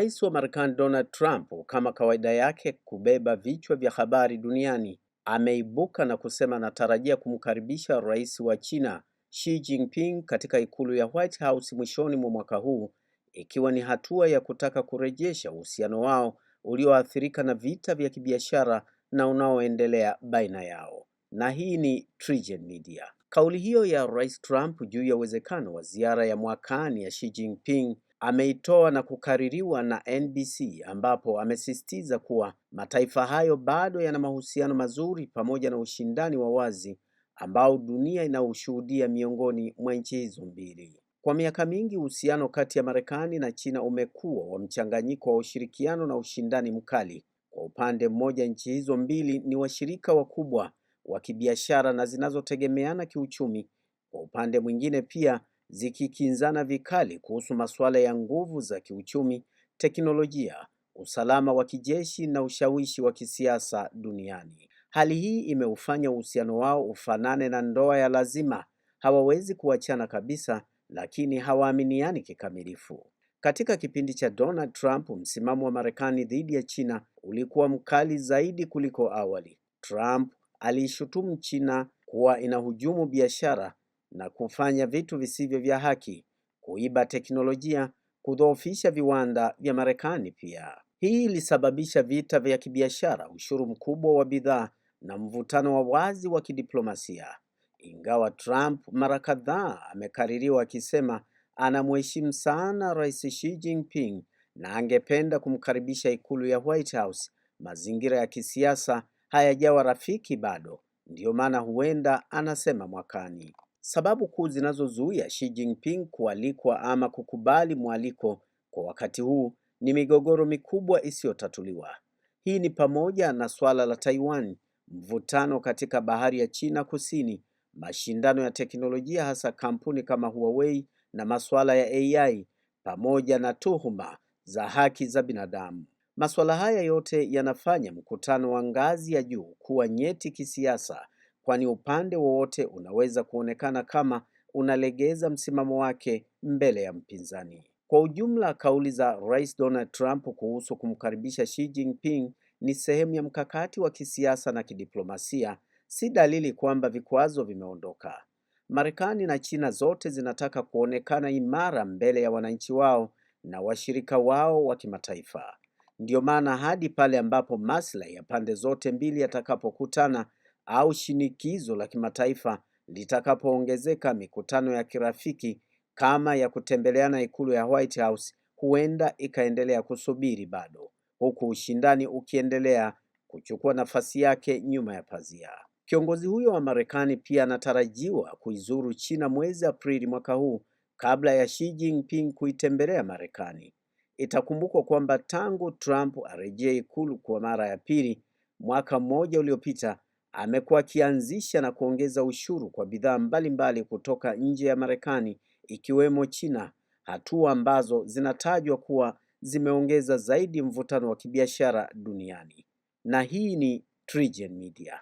Rais wa Marekani Donald Trump, kama kawaida yake kubeba vichwa vya habari duniani, ameibuka na kusema anatarajia kumkaribisha Rais wa China Xi Jinping katika ikulu ya White House mwishoni mwa mwaka huu, ikiwa ni hatua ya kutaka kurejesha uhusiano wao ulioathirika na vita vya kibiashara na unaoendelea baina yao. Na hii ni TriGen Media. Kauli hiyo ya Rais Trump juu ya uwezekano wa ziara ya mwakani ya Xi Jinping ameitoa na kukaririwa na NBC ambapo amesisitiza kuwa mataifa hayo bado yana mahusiano mazuri pamoja na ushindani wa wazi ambao dunia inaushuhudia miongoni mwa nchi hizo mbili. Kwa miaka mingi, uhusiano kati ya Marekani na China umekuwa wa mchanganyiko wa ushirikiano na ushindani mkali. Kwa upande mmoja, nchi hizo mbili ni washirika wakubwa wa kibiashara na zinazotegemeana kiuchumi. Kwa upande mwingine pia zikikinzana vikali kuhusu masuala ya nguvu za kiuchumi, teknolojia, usalama wa kijeshi na ushawishi wa kisiasa duniani. Hali hii imeufanya uhusiano wao ufanane na ndoa ya lazima. Hawawezi kuachana kabisa, lakini hawaaminiani kikamilifu. Katika kipindi cha Donald Trump, msimamo wa Marekani dhidi ya China ulikuwa mkali zaidi kuliko awali. Trump aliishutumu China kuwa inahujumu biashara na kufanya vitu visivyo vya haki, kuiba teknolojia, kudhoofisha viwanda vya Marekani. Pia hii ilisababisha vita vya kibiashara, ushuru mkubwa wa bidhaa na mvutano wa wazi wa kidiplomasia. Ingawa Trump mara kadhaa amekaririwa akisema anamheshimu sana Rais Xi Jinping na angependa kumkaribisha ikulu ya White House, mazingira ya kisiasa hayajawa rafiki bado. Ndiyo maana huenda anasema mwakani Sababu kuu zinazozuia Xi Jinping kualikwa ama kukubali mwaliko kwa wakati huu ni migogoro mikubwa isiyotatuliwa. Hii ni pamoja na suala la Taiwan, mvutano katika bahari ya China Kusini, mashindano ya teknolojia hasa kampuni kama Huawei na masuala ya AI pamoja na tuhuma za haki za binadamu. Masuala haya yote yanafanya mkutano wa ngazi ya juu kuwa nyeti kisiasa kwani upande wowote unaweza kuonekana kama unalegeza msimamo wake mbele ya mpinzani. Kwa ujumla, kauli za Rais Donald Trump kuhusu kumkaribisha Xi Jinping ni sehemu ya mkakati wa kisiasa na kidiplomasia, si dalili kwamba vikwazo vimeondoka. Marekani na China zote zinataka kuonekana imara mbele ya wananchi wao na washirika wao wa kimataifa. Ndiyo maana hadi pale ambapo maslahi ya pande zote mbili yatakapokutana au shinikizo la kimataifa litakapoongezeka, mikutano ya kirafiki kama ya kutembeleana ikulu ya White House huenda ikaendelea kusubiri bado, huku ushindani ukiendelea kuchukua nafasi yake nyuma ya pazia. Kiongozi huyo wa Marekani pia anatarajiwa kuizuru China mwezi Aprili mwaka huu kabla ya Xi Jinping kuitembelea Marekani. Itakumbukwa kwamba tangu Trump arejea ikulu kwa mara ya pili mwaka mmoja uliopita, amekuwa akianzisha na kuongeza ushuru kwa bidhaa mbalimbali kutoka nje ya Marekani ikiwemo China, hatua ambazo zinatajwa kuwa zimeongeza zaidi mvutano wa kibiashara duniani. Na hii ni TriGen Media.